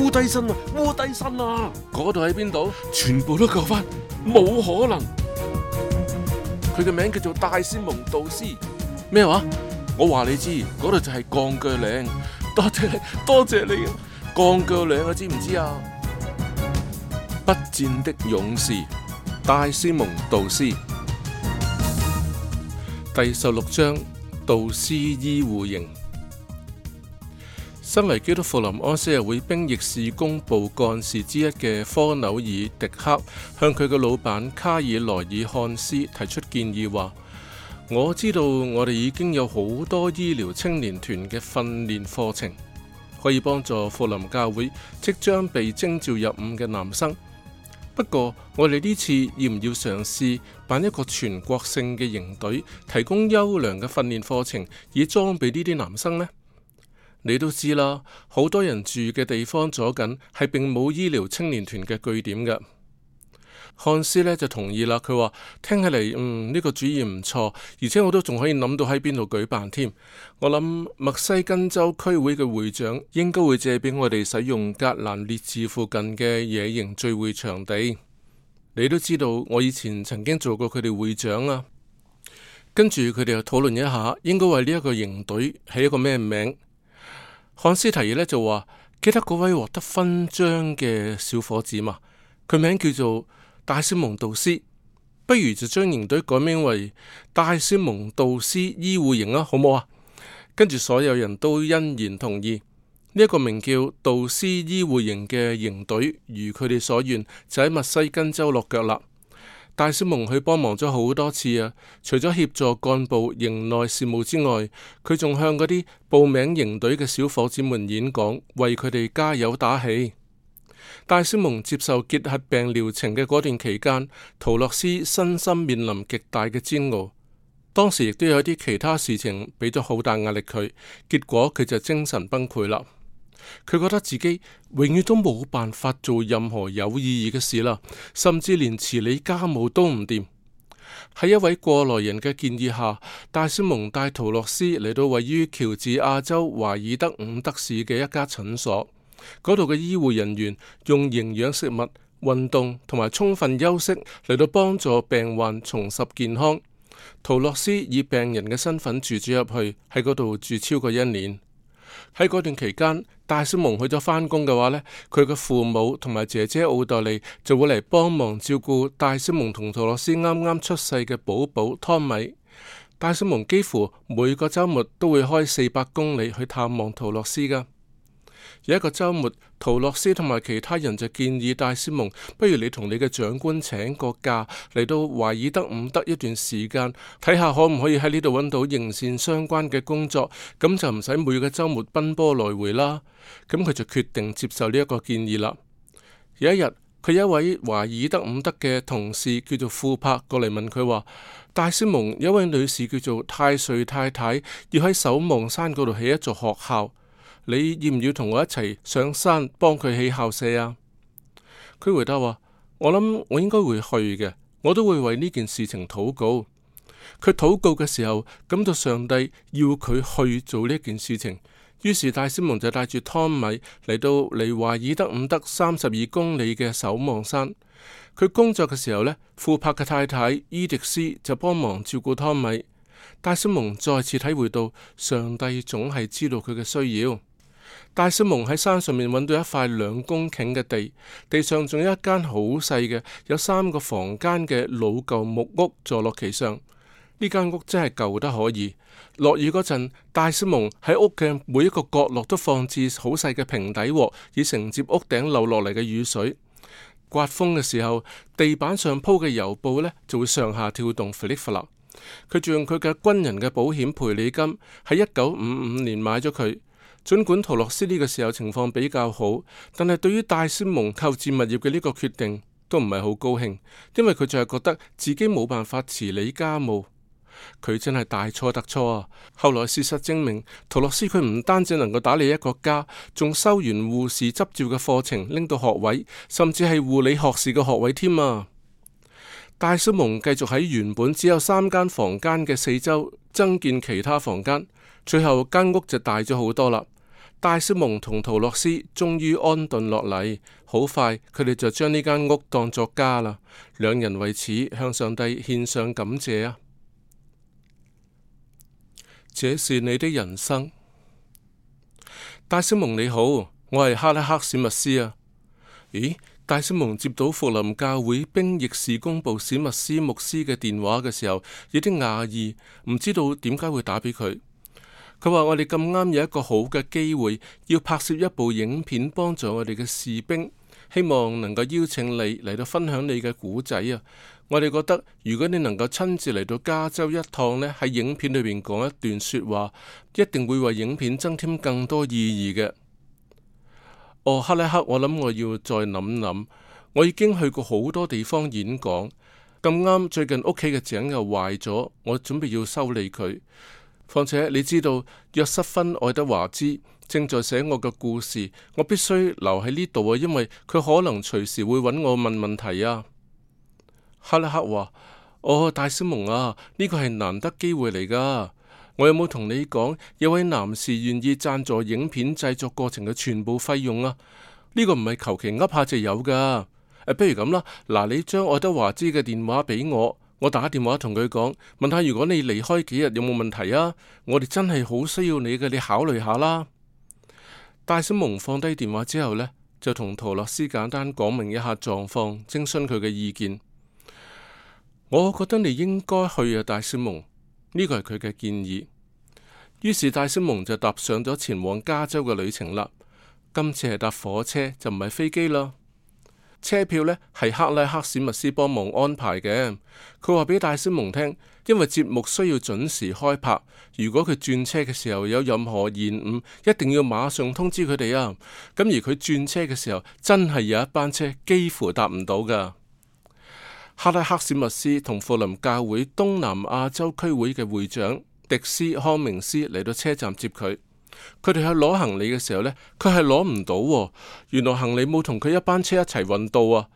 烏低身啊，烏低身啊！嗰度喺邊度？全部都救翻，冇可能。佢嘅名叫做戴斯蒙杜斯，咩話？我話你知，嗰度就係鋼鋸嶺。多謝你，多謝你。鋼鋸嶺啊，知唔知啊？不戰的勇士，戴斯蒙杜斯，第十六章：杜斯醫護營。身為基督復臨安息日會兵役事工部幹事之一嘅科紐爾迪克，向佢嘅老闆卡爾萊爾漢斯提出建議話：我知道我哋已經有好多醫療青年團嘅訓練課程，可以幫助復臨教會即將被徵召入伍嘅男生。不過我哋呢次要唔要嘗試辦一個全國性嘅營隊，提供優良嘅訓練課程，以裝備呢啲男生呢？你都知啦，好多人住嘅地方左近係，並冇醫療青年團嘅據點嘅。漢斯呢就同意啦，佢話聽起嚟，嗯，呢個主意唔錯，而且我都仲可以諗到喺邊度舉辦添。我諗墨西根州區會嘅會長應該會借俾我哋使用格蘭列治附近嘅野營聚會場地。你都知道，我以前曾經做過佢哋會長啊。跟住佢哋又討論一下，應該為呢一個營隊起一個咩名？漢斯提議呢，就話，記得嗰位獲得勳章嘅小伙子嘛，佢名叫做戴斯蒙杜斯，不如就將營隊改名為戴斯蒙杜斯醫護營啊，好唔好啊？跟住所有人都欣然同意，呢、這、一個名叫杜斯醫護營嘅營隊，如佢哋所願，就喺墨西根州落腳啦。戴斯蒙去幫忙咗好多次啊！除咗協助幹部營內事務之外，佢仲向嗰啲報名營隊嘅小伙子們演講，為佢哋加油打氣。戴斯蒙接受結核病療程嘅嗰段期間，陶洛斯身心面臨極大嘅煎熬。當時亦都有啲其他事情俾咗好大壓力佢，結果佢就精神崩潰啦。佢覺得自己永遠都冇辦法做任何有意義嘅事啦，甚至連處理家務都唔掂。喺一位過來人嘅建議下，戴斯蒙帶陶洛斯嚟到位於喬治亞州華爾德伍德市嘅一家診所。嗰度嘅醫護人員用營養食物、運動同埋充分休息嚟到幫助病患重拾健康。陶洛斯以病人嘅身份住咗入去，喺嗰度住超過一年。喺嗰段期間，戴斯蒙去咗翻工嘅話呢，佢嘅父母同埋姐姐奧黛利就會嚟幫忙照顧戴斯蒙同陶羅斯啱啱出世嘅寶寶湯米。戴斯蒙幾乎每個週末都會開四百公里去探望陶羅斯噶。有一個周末，陶洛斯同埋其他人就建議戴斯蒙：不如你同你嘅長官請個假，嚟到懷爾德伍德一段時間，睇下可唔可以喺呢度搵到營繕相關嘅工作，咁就唔使每個周末奔波來回啦。咁佢就決定接受呢一個建議啦。有一日，佢一位懷爾德伍德嘅同事叫做富柏過嚟問佢話：戴斯蒙，一位女士叫做泰瑞太太，要喺守望山嗰度起一座學校。你要唔要同我一齊上山幫佢起校舍啊？佢回答：話，我諗我應該會去嘅，我都會為呢件事情禱告。佢禱告嘅時候感到上帝要佢去做呢件事情，於是戴斯蒙就帶住湯米嚟到離懷爾德伍德三十二公里嘅守望山。佢工作嘅時候呢，富柏嘅太太伊迪斯就幫忙照顧湯米。戴斯蒙再次體會到上帝總係知道佢嘅需要。戴斯蒙喺山上面揾到一塊兩公頃嘅地，地上仲有一間好細嘅，有三個房間嘅老舊木屋坐落其上。呢間屋真係舊得可以，落雨嗰陣，戴斯蒙喺屋嘅每一個角落都放置好細嘅平底鑊，以承接屋頂漏落嚟嘅雨水。刮風嘅時候，地板上鋪嘅油布呢，就會上下跳動，flip flop。佢仲用佢嘅軍人嘅保險賠禮金喺一九五五年買咗佢。盡管陶洛斯呢個時候情況比較好，但係對於戴斯蒙購置物業嘅呢個決定都唔係好高興，因為佢就係覺得自己冇辦法持理家務，佢真係大錯特錯啊！後來事實證明，陶洛斯佢唔單止能夠打理一個家，仲修完護士執照嘅課程，拎到學位，甚至係護理學士嘅學位添啊！戴斯蒙繼續喺原本只有三間房間嘅四周增建其他房間。最後間屋就大咗好多啦。戴斯蒙同陶洛斯終於安頓落嚟，好快佢哋就將呢間屋當作家啦。兩人為此向上帝獻上感謝啊！這是你的人生，戴斯蒙你好，我係哈拉克史密斯啊。咦，戴斯蒙接到福林教會兵役事工部史密斯牧師嘅電話嘅時候，有啲訝異，唔知道點解會打俾佢。佢話：我哋咁啱有一個好嘅機會，要拍攝一部影片，幫助我哋嘅士兵，希望能夠邀請你嚟到分享你嘅故仔啊！我哋覺得，如果你能夠親自嚟到加州一趟呢，喺影片裏面講一段說話，一定會為影片增添更多意義嘅。哦，克利克，我諗我要再諗諗。我已經去過好多地方演講，咁啱最近屋企嘅井又壞咗，我準備要修理佢。況且你知道約瑟芬愛德華茲正在寫我嘅故事，我必須留喺呢度啊，因為佢可能隨時會揾我問問題啊。克拉克話：哦，戴斯蒙啊，呢個係難得機會嚟㗎。我有冇同你講有位男士願意贊助影片製作過程嘅全部費用啊？呢個唔係求其噏下就有㗎。誒，不如咁啦，嗱，你將愛德華茲嘅電話俾我。我打個電話同佢講，問下如果你離開幾日有冇問題啊？我哋真係好需要你嘅，你考慮下啦。戴斯蒙放低電話之後呢，就同陶樂斯簡單講明一下狀況，徵詢佢嘅意見。我覺得你應該去啊，戴斯蒙，呢個係佢嘅建議。於是戴斯蒙就踏上咗前往加州嘅旅程啦。今次係搭火車就唔係飛機啦。車票呢係克拉克史密斯幫忙安排嘅，佢話俾戴斯蒙聽，因為節目需要準時開拍，如果佢轉車嘅時候有任何延誤，一定要馬上通知佢哋啊。咁而佢轉車嘅時候，真係有一班車幾乎搭唔到噶。克拉克史密斯同富林教會東南亞洲區會嘅會長迪斯康明斯嚟到車站接佢。佢哋喺攞行李嘅時候呢，佢係攞唔到，原來行李冇同佢一班車一齊運到啊！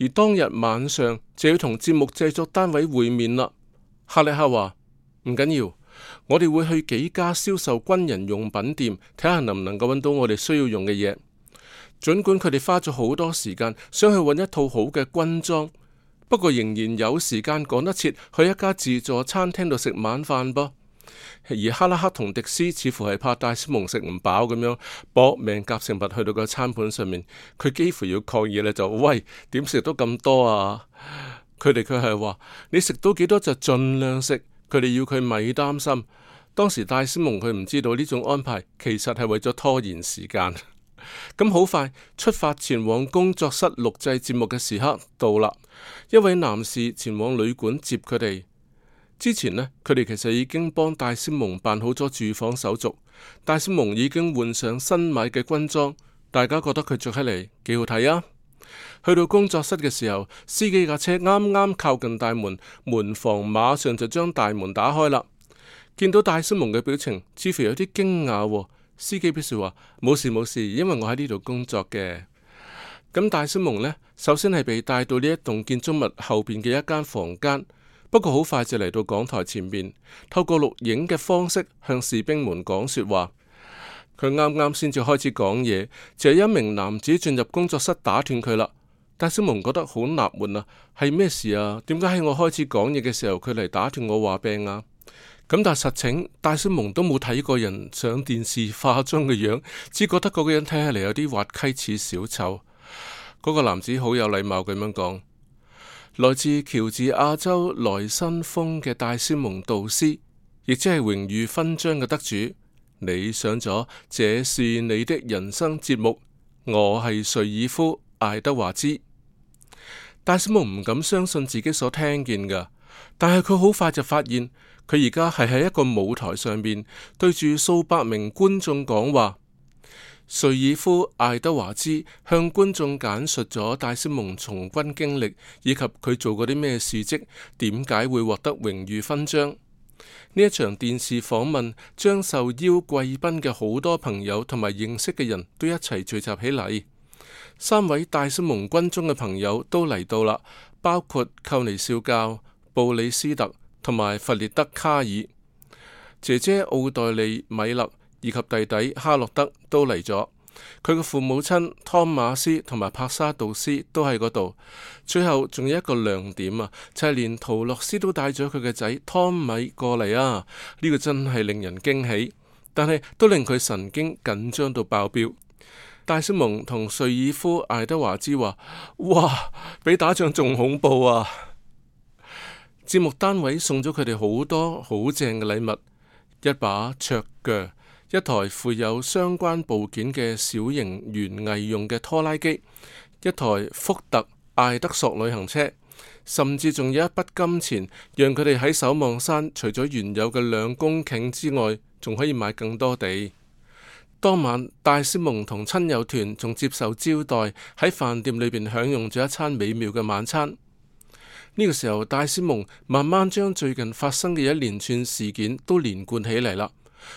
而當日晚上就要同節目製作單位會面啦。哈利克話唔緊要，我哋會去幾家銷售軍人用品店睇下能唔能夠揾到我哋需要用嘅嘢。盡管佢哋花咗好多時間想去揾一套好嘅軍裝，不過仍然有時間趕得切去一家自助餐廳度食晚飯噃。而哈拉克同迪斯似乎係怕戴斯蒙食唔飽咁樣搏命夾食物去到個餐盤上面，佢幾乎要抗議呢就喂，點食都咁多啊！佢哋佢係話你食到幾多就盡量食，佢哋要佢咪擔心。當時戴斯蒙佢唔知道呢種安排，其實係為咗拖延時間。咁 好快出發前往工作室錄製節目嘅時刻到啦，一位男士前往旅館接佢哋。之前呢，佢哋其實已經幫戴斯蒙辦好咗住房手續。戴斯蒙已經換上新買嘅軍裝，大家覺得佢着起嚟幾好睇啊！去到工作室嘅時候，司機架車啱啱靠近大門，門房馬上就將大門打開啦。見到戴斯蒙嘅表情，似乎有啲驚訝、哦。司機表示話冇事冇事，因為我喺呢度工作嘅。咁戴斯蒙呢，首先係被帶到呢一棟建築物後邊嘅一間房間。不過好快就嚟到講台前面，透過錄影嘅方式向士兵們講說話。佢啱啱先至開始講嘢，就係一名男子進入工作室打斷佢啦。戴斯蒙覺得好納悶啊，係咩事啊？點解喺我開始講嘢嘅時候佢嚟打斷我話病啊？咁但係實情，戴斯蒙都冇睇過人上電視化妝嘅樣，只覺得嗰個人睇起嚟有啲滑稽似小丑。嗰個男子好有禮貌咁樣講。來自喬治亞州萊新峰嘅戴斯蒙杜斯，亦即係榮譽勳章嘅得主，你上咗，這是你的人生節目。我係瑞爾夫艾德華茲，戴斯蒙唔敢相信自己所聽見嘅，但係佢好快就發現佢而家係喺一個舞台上面對住數百名觀眾講話。瑞爾夫艾德華茲向觀眾簡述咗戴斯蒙從軍經歷以及佢做過啲咩事蹟，點解會獲得榮譽勳章。呢一場電視訪問將受邀貴賓嘅好多朋友同埋認識嘅人都一齊聚集起嚟。三位戴斯蒙軍中嘅朋友都嚟到啦，包括寇尼少校、布里斯特同埋弗列德卡爾。姐姐奧黛莉米勒，以及弟弟哈洛德都嚟咗，佢嘅父母親湯馬斯同埋帕沙杜斯都喺嗰度。最後仲有一個亮點啊，就係、是、連圖洛斯都帶咗佢嘅仔湯米過嚟啊！呢、這個真係令人驚喜，但係都令佢神經緊張到爆表。戴斯蒙同瑞爾夫艾德華茲話：哇，比打仗仲恐怖啊！節目單位送咗佢哋好多好正嘅禮物，一把桌鋸。一台附有相關部件嘅小型園藝用嘅拖拉機，一台福特艾德索旅行車，甚至仲有一筆金錢，讓佢哋喺守望山除咗原有嘅兩公頃之外，仲可以買更多地。當晚，戴斯蒙同親友團仲接受招待，喺飯店裏邊享用咗一餐美妙嘅晚餐。呢、這個時候，戴斯蒙慢慢將最近發生嘅一連串事件都連貫起嚟啦。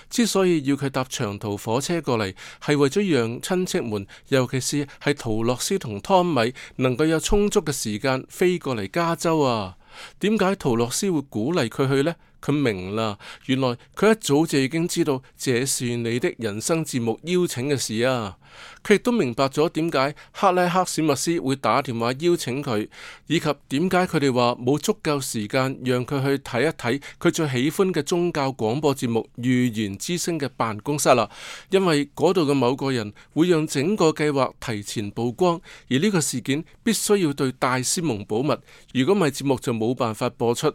之所以要佢搭長途火車過嚟，係為咗讓親戚們，尤其是係陶洛斯同湯米，能夠有充足嘅時間飛過嚟加州啊。點解陶洛斯會鼓勵佢去呢？佢明啦，原來佢一早就已經知道這是你的人生節目邀請嘅事啊！佢亦都明白咗點解克拉克史密斯會打電話邀請佢，以及點解佢哋話冇足夠時間讓佢去睇一睇佢最喜歡嘅宗教廣播節目《預言之聲》嘅辦公室啦。因為嗰度嘅某個人會讓整個計劃提前曝光，而呢個事件必須要對戴斯蒙保密。如果唔係節目就冇辦法播出。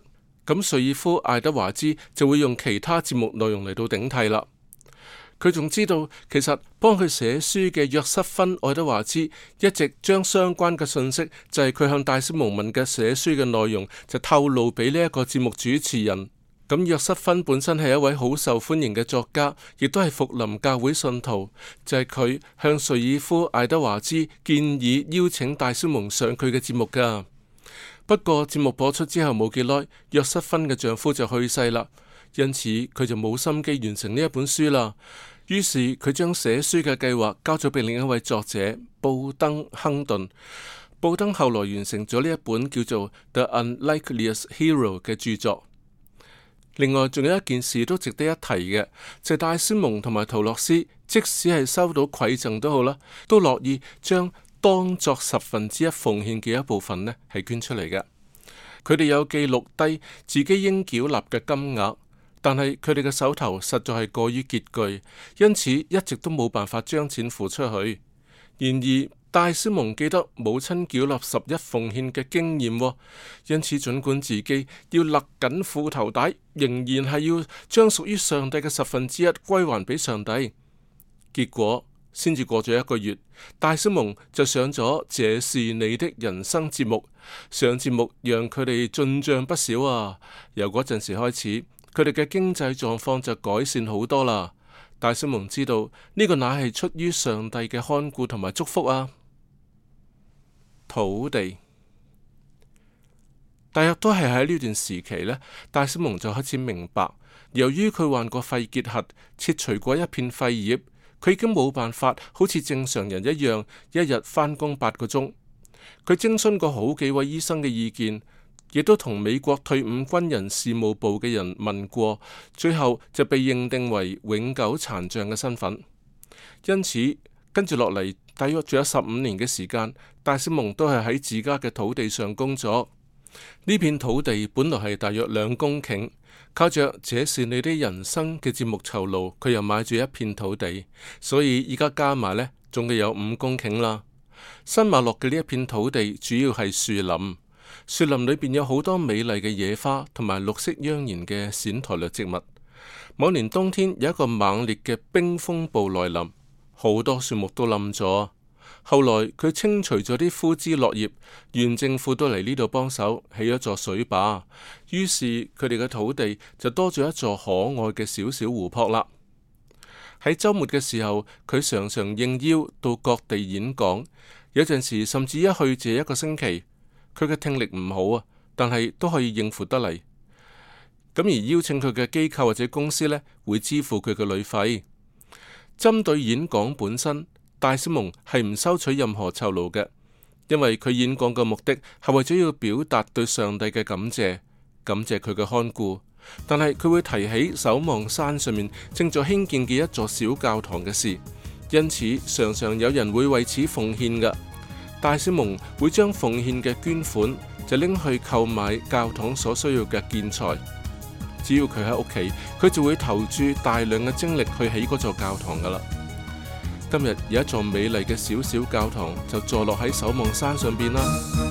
咁瑞爾夫艾德華茲就會用其他節目內容嚟到頂替啦。佢仲知道其實幫佢寫書嘅約瑟芬艾德華茲一直將相關嘅信息，就係佢向戴斯蒙問嘅寫書嘅內容，就透露俾呢一個節目主持人。咁約瑟芬本身係一位好受歡迎嘅作家，亦都係復臨教會信徒。就係佢向瑞爾夫艾德華茲建議邀請戴斯蒙上佢嘅節目噶。不過節目播出之後冇幾耐，約瑟芬嘅丈夫就去世啦，因此佢就冇心機完成呢一本書啦。於是佢將寫書嘅計劃交咗俾另一位作者布登亨頓。布登後來完成咗呢一本叫做《The Unlikeliest Hero》嘅著作。另外仲有一件事都值得一提嘅，就係戴斯蒙同埋陶洛斯，即使係收到饋贈都好啦，都樂意將。當作十分之一奉獻嘅一部分呢，係捐出嚟嘅。佢哋有記錄低自己應繳納嘅金額，但係佢哋嘅手頭實在係過於拮據，因此一直都冇辦法將錢付出去。然而，戴斯蒙記得母親繳納十一奉獻嘅經驗，因此盡管自己要勒緊褲頭帶，仍然係要將屬於上帝嘅十分之一歸還俾上帝。結果。先至過咗一個月，戴斯蒙就上咗這是你的人生節目，上節目讓佢哋進賬不少啊！由嗰陣時開始，佢哋嘅經濟狀況就改善好多啦。戴斯蒙知道呢個乃係出於上帝嘅看顧同埋祝福啊！土地，但亦都係喺呢段時期呢。戴斯蒙就開始明白，由於佢患過肺結核，切除過一片肺葉。佢已經冇辦法，好似正常人一樣，一日返工八個鐘。佢徵詢過好幾位醫生嘅意見，亦都同美國退伍軍人事務部嘅人問過，最後就被認定為永久殘障嘅身份。因此，跟住落嚟大約仲有十五年嘅時間，戴斯蒙都係喺自家嘅土地上工作。呢片土地本來係大約兩公頃。靠着，這是你的人生嘅節目酬勞，佢又買住一片土地，所以依家加埋呢總共有五公頃啦。新馬洛嘅呢一片土地主要係樹林，樹林裏邊有好多美麗嘅野花同埋綠色盎然嘅蘚苔類植物。某年冬天有一個猛烈嘅冰風暴來臨，好多樹木都冧咗。後來佢清除咗啲枯枝落葉，縣政府都嚟呢度幫手起咗座水壩，於是佢哋嘅土地就多咗一座可愛嘅小小湖泊啦。喺周末嘅時候，佢常常應邀到各地演講，有陣時甚至一去借一個星期。佢嘅聽力唔好啊，但係都可以應付得嚟。咁而邀請佢嘅機構或者公司呢，會支付佢嘅旅費。針對演講本身。戴斯蒙係唔收取任何酬勞嘅，因為佢演講嘅目的係為咗要表達對上帝嘅感謝，感謝佢嘅看顧。但係佢會提起守望山上面正在興建嘅一座小教堂嘅事，因此常常有人會為此奉獻嘅。戴斯蒙會將奉獻嘅捐款就拎去購買教堂所需要嘅建材。只要佢喺屋企，佢就會投注大量嘅精力去起嗰座教堂噶啦。今日有一座美麗嘅小小教堂，就坐落喺守望山上邊啦。